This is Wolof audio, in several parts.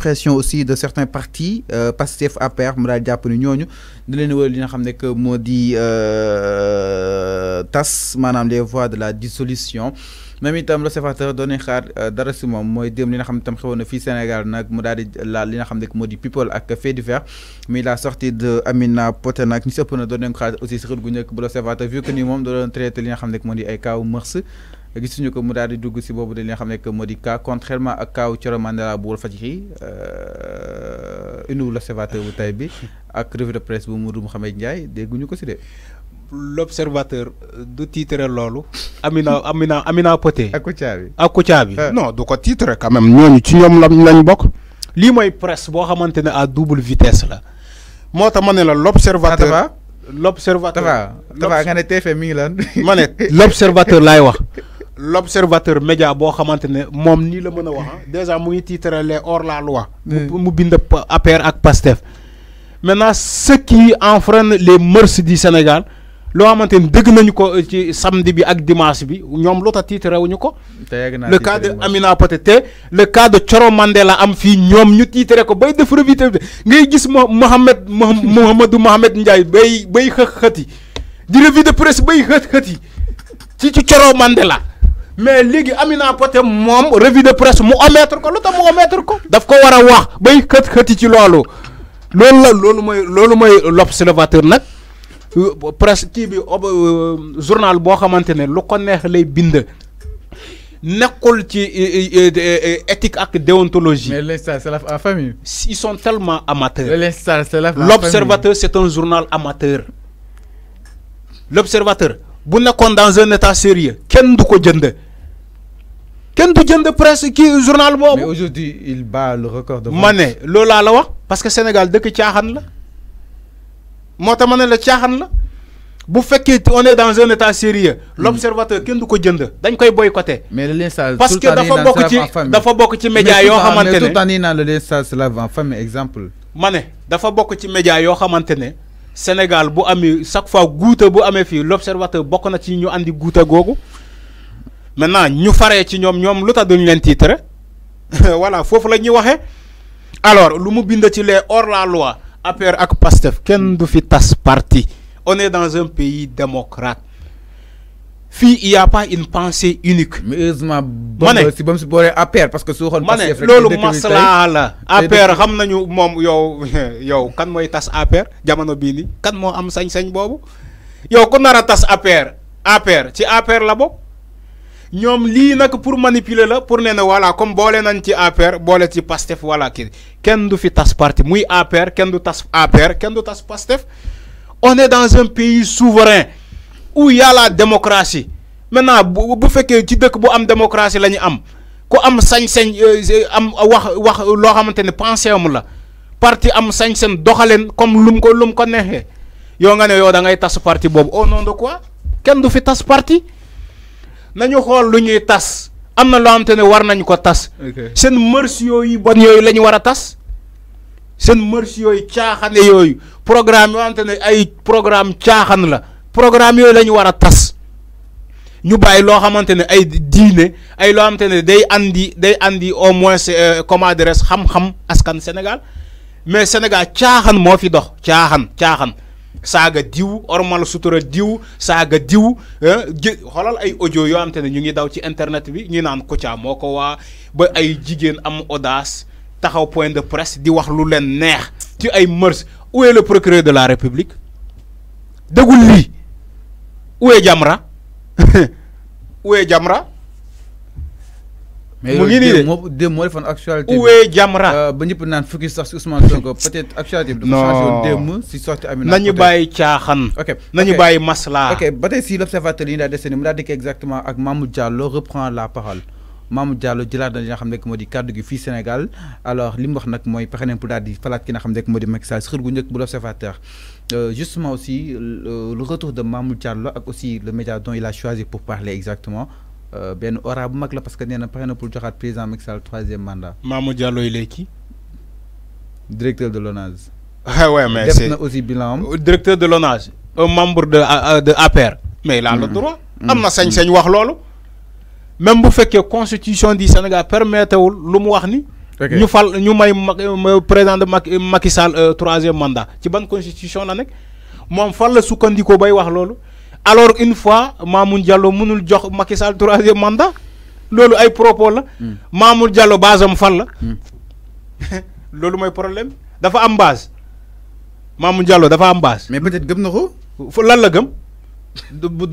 pression aussi de certains partis euh, passifs à perdre daal ñooñu wër li que nous euh tas manam de la dissolution même itam donné xaar euh, dara si mom moy dem li nga xam ne xewona fi Sénégal fait divers mais la sortie de Amina Poté na xaar aussi vu que ni mom doon traiter li nga xam que modi ay gisuñu ko mu daal di dugg si boobu dañ xam ne que moo di cas contrairement ak kaaw Thioro Mandela bu Walfadjri euh, inu l'observateur bu tay bi ak revue de presse bu Modou Mouhamed Ndiaye dégguñu ko si de l'observateur euh, du titre loolu Amina Amina Amina Poté ak Kouthia bi ak Kouthia bi ah. non du ko titre quand même ñooñu ci ñoom la lañ bokk lii mooy presse boo xamante ne à double vitesse la moo tax ma ne la l'observateur ah, l'observateur nga ne TFM mi ngi lan ma ne l'observateur laay wax l'observateur média bo xamantene ne ni le la mën wax déjà mu ngi titré hors la loi. mu bind APR ak PASTEF. maintenant ce qui enfreint les mœurs du Sénégal lo xamante deug nañ ko euh, ci samedi bi ak dimanche bi ñom lu tax titrer wuñu ko. le cas de Amina Poté le cas de Thioro Mandela am fi ñom ñu titrer ko bay def revue ngay gis mo Mohamed Mohamedou Mohamed Ndiaye bay bay xëxëti xët di revue de presse bay xëxëti ci ci Mandela mais léegi Amina Poté mom revue de presse mu omettre ko lu tax mu omettre ko. daf ko wara wax bay keut xëti ci lolu lolu la loolu mooy loolu mooy l'observateur nak euh, presse kii bi euh, journal bo xamantene lu ko neex lay bind. nekkul ci éthique ak déontologie. mais l'instar c'est la famille. ils sont tellement amateurs. l'instar c'est la famille. l'observateur c'est un journal amateur. l'observateur bu nekkoon dans un état sérieux kenn du ko jënd. Quel du jënd presse qui journal mais aujourd'hui il bat le record de. Mané. ne la wax parce que Sénégal dëkk caaxaan la moo tax ma ne la caaxaan la bu fekkee on est dans un état sérieux hmm. l'observateur quel du ko jënd dañ koy boycotter. mais le lynchage parce que dafa bokk ci dafa bokk ci média yoo xamante ne mais tout en mais le lynchage se lave en exemple. Mané, ne dafa de ci média yoo xamante Sénégal bu amee chaque fois guuta bu amee fii l'observateur bokk na ci ñu andi guuta googu maintenant ñu faré ci ñom ñom lu duñ leen titre voilà fofu la ñuy alors lu mu bind ci les hors la loi APR ak PASTEF ken du fi tas parti on est dans un pays démocrate fi il y a pas une pensée unique. mais heureusement ma si ba si booree APR parce que su waxoon. PASTEF rek loolu maslaa la. APR xam nañu mom yow yow kan moy tas APR jamono bi nii kan mo am sañ-sañ bobu yow ko nara tas APR APR ci APR la bokk ñom li nak pour manipuler la pour ne wala voilà comme bolé nañ ci APR bolé ci PASTEF voilà kii kenn du fi tas parti muy APR kenn du tas APR kenn du tas PASTEF on est dans un pays souverain où y a la démocratie maintenant bu bu ci dëkk bu am démocratie lañu am ko am sañ-sañ euh, euh, am wax wax lo te ne am la parti am sañ-sañ doxalen comme lum ko lum ko nexé yo nga né yo da ngay tas parti bob au nom de quoi kenn du fi tas parti. nañu xool lu ñuy tas am na loo xam te ne war nañ ko tas. seen mërs yooyu bon yooyu lañu ñu war a tas seen mërs yooyu caaxane yooyu programme yoo ne ay programme caaxan la programme yooyu lañu ñu war a tas ñu bàyyi loo xamante ne ay diine ay loo xamante ne day andi day andi au moins euh, comment dirais-je xam-xam askan Sénégal mais Sénégal caaxan moo fi dox caaxan caaxan. saaga diw ormal sutura diw saaga diw eh, jë xoolal ay ojo yoo xam te ne ñu ngi daw ci internet bi ñu naan Kouthia moo ko waa ba ay jigéen am audace taxaw point de presse di wax lu leen neex ci ay mœurs où est le procureur de la république dégul lii où est Jamra où est Jamra mu ngi mais actualité bi. Uwe Jamra euh, ba ñëpp naan focus sax Ousmane Sonko peut-être actualité bi. dafa changé démb si sorti Amina. nañu bàyyi tiaxan. ok nañu bàyyi masla. ok ba si l'observateur yi ñu daal dese ni mu daal dikk exactement ak Mamour Diallo reprend la parole. Mamour Diallo jëlaat na li nga xam ne moo Sénégal alors li wax nak moy pexene pour daal di falat ki nga xam ne moo Macky Sall xër gu njëkk bu l'observateur euh, justement aussi le retour de Mamour Diallo ak aussi le média dont il a choisi pour parler exactement ben aura bu mag la parce que nee na pour joxaat président Macky Sall troisième mandat. Mamour Diallo il est qui. directeur de l'ONAS. ah ouais mais c'est aussi bilan directeur de l'ONAS un membre de euh, euh, de APR. mais il a le mm-hmm. droit. Mm-hmm. amna na sañ-sañ wax lolu même bu fekkee constitution du Sénégal permettre wul lu mu wax ni. ñu fal ñu may président de Macky Sall troisième mandat ci ban constitution la nek mom fal la sukkandikoo bay wax lolu alors une fois Mamoun Diallo mënul jox Macky Sall troisième mandat loolu ay propos la. Hmm. Mamoun Diallo base am fan la. Hmm. problème dafa am base Mamoun Diallo dafa am base. mais peut-être gëm na ko. lan la gëm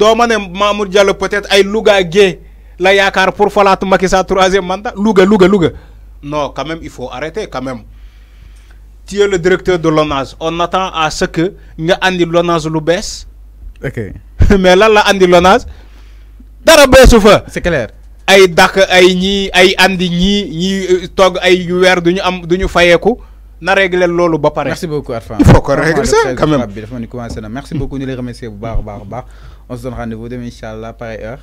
doo ma ne Mamoun Diallo peut-être ay Louga gay, la yakar pour falaat Macky Sall troisième mandat Louga Louga Louga non quand même il faut arrêter quand même. tu es le directeur de l'ONAS on attend à ce que nga andi l'ONAS lu ok. mais lan la andi lonage dara beesu fa. c'est clair ay dak ay ñi ay andi ñi ñi euh, togg ay weer du ñu am duñu fayeku na régler lolu ba paré merci beaucoup Arfan il faut qu'on règle ça quand même. dafa ni na merci beaucoup ñu lay remercier bu baax baax baax on se donne rendez-vous demain inshallah allah pareille heure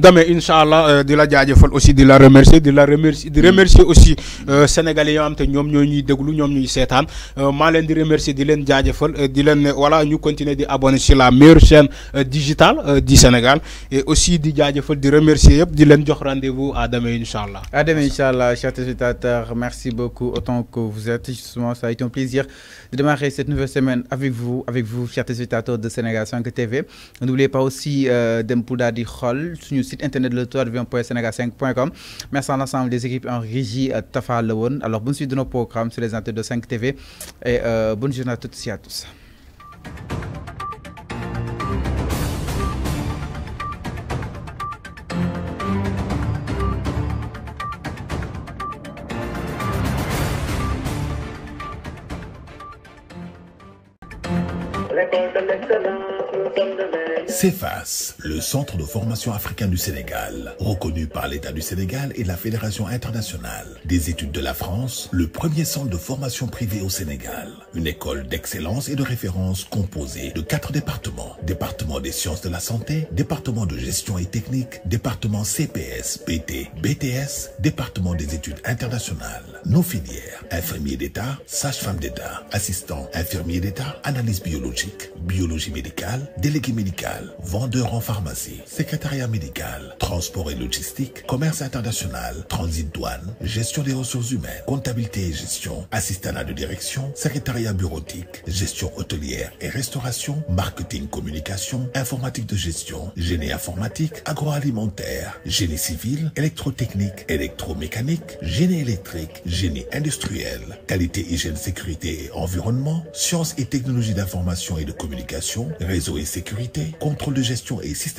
damee incha allah euh, di la jaajëfal aussi de la remercier de la remercier de remercier aussi euh, sénégalais qui am te ñoom ñoo ñuy déglu ñoom ñuy seetaan de euh, di remercier di leen jaajëfal di voilà nous continuons di abonner sur la meilleure chaîne digitale du Sénégal et aussi di de di remercier dylan di rendez-vous à demain incha à demain incha chers téléspectateurs merci beaucoup autant que vous êtes justement ça a été un plaisir de démarrer cette nouvelle semaine avec vous avec vous chers téléspectateurs de Sénégal 5 TV n'oubliez pas aussi dem di site internet le www.sénégal5.com. Merci à l'ensemble des équipes en régie à euh, Tafa Alors, bonne suite de nos programmes sur les antennes de 5 TV et euh, bonne journée à toutes et à tous. CEFAS, le Centre de formation africain du Sénégal, reconnu par l'État du Sénégal et la Fédération internationale des études de la France, le premier centre de formation privée au Sénégal une école d'excellence et de référence composée de quatre départements. Département des sciences de la santé, département de gestion et technique, département CPS, BT, BTS, département des études internationales. Nos filières, infirmiers d'État, sage-femme d'État, assistant infirmiers d'État, analyse biologique, biologie médicale, délégué médical, vendeur en pharmacie, secrétariat médical, transport et logistique, commerce international, transit douane, gestion des ressources humaines, comptabilité et gestion, à de direction, secrétariat bureautique, gestion hôtelière et restauration, marketing communication, informatique de gestion, génie informatique, agroalimentaire, génie civil, électrotechnique, électromécanique, génie électrique, génie industriel, qualité, hygiène, sécurité et environnement, sciences et technologies d'information et de communication, réseau et sécurité, contrôle de gestion et système